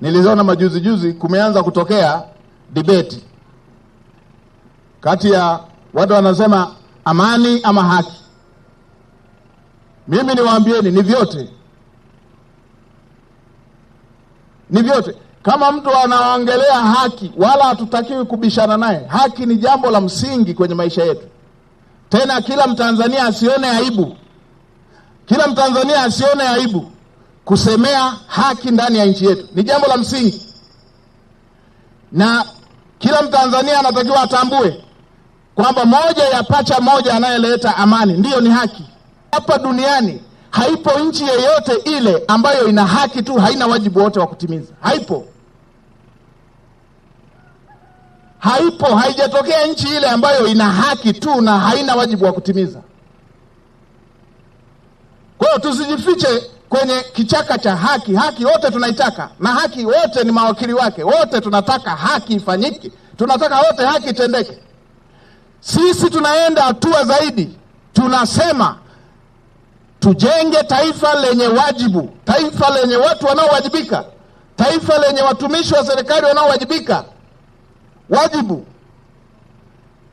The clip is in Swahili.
Niliziona majuzi juzi, kumeanza kutokea debate kati ya watu wanasema amani ama haki. Mimi niwaambieni, ni vyote, ni vyote. Kama mtu anaongelea haki, wala hatutakiwi kubishana naye. Haki ni jambo la msingi kwenye maisha yetu, tena kila Mtanzania asione aibu, kila Mtanzania asione aibu kusemea haki ndani ya nchi yetu ni jambo la msingi, na kila Mtanzania anatakiwa atambue kwamba moja ya pacha moja anayeleta amani ndiyo ni haki. Hapa duniani haipo nchi yeyote ile ambayo ina haki tu, haina wajibu wote wa kutimiza. Haipo, haipo, haijatokea nchi ile ambayo ina haki tu na haina wajibu wa kutimiza. Kwa hiyo tusijifiche kwenye kichaka cha haki. Haki wote tunaitaka, na haki wote ni mawakili wake, wote tunataka haki ifanyike, tunataka wote haki itendeke. Sisi tunaenda hatua zaidi, tunasema tujenge taifa lenye wajibu, taifa lenye watu wanaowajibika, taifa lenye watumishi wa serikali wanaowajibika. Wajibu